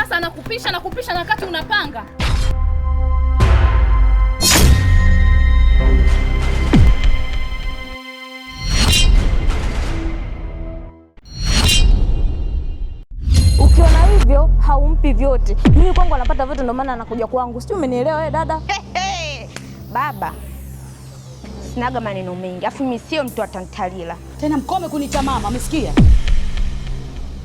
Sasa anakupisha na kupisha na wakati unapanga. Ukiona hivyo haumpi vyote. Mimi kwangu anapata vyote, ndio maana anakuja kwangu. Sijui umenielewa wewe eh, dada? Hey, hey. Baba sinaga maneno mengi, afu mimi sio mtu atantalila tena. Mkome kunita mama, umesikia?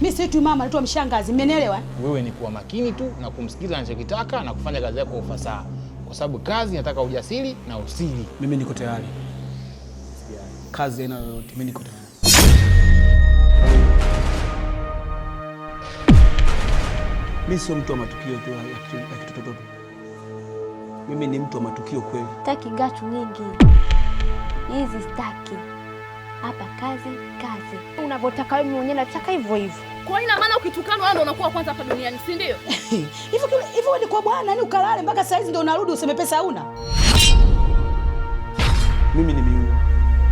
Mimi si tu mama anaitwa mshangazi, mmenielewa? Wewe ni kuwa makini tu na kumsikiza anachokitaka na kufanya kazi yako kwa ufasaha, kwa sababu kazi inataka ujasiri na usiri. Mimi niko tayari, kazi haina yoyote, mimi niko tayari. Mimi sio mtu wa matukio tu ya kitototo, mimi ni mtu wa matukio kweli. Sitaki gachu nyingi hizi, staki hapa kazi kazi, unavyotaka wewe mwenyewe, nataka hivyo hivyo. Kwa ina maana ukitukanwa wewe ndio unakuwa kwanza hapa duniani, si ndio? Hivyo hivyo wewe ni kwa bwana, yani ukalale mpaka saa hizi ndio unarudi useme pesa una. Mimi nimeua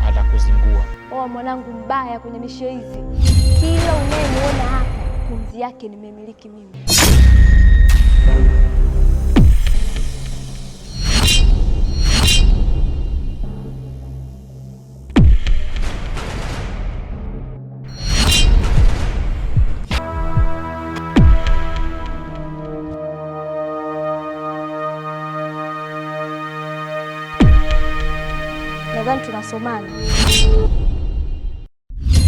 hata kuzingua. Oh, mwanangu mbaya kwenye mishe hizi. Kila unayemwona hapa pumzi yake nimemiliki mimi. nadhani tunasomana.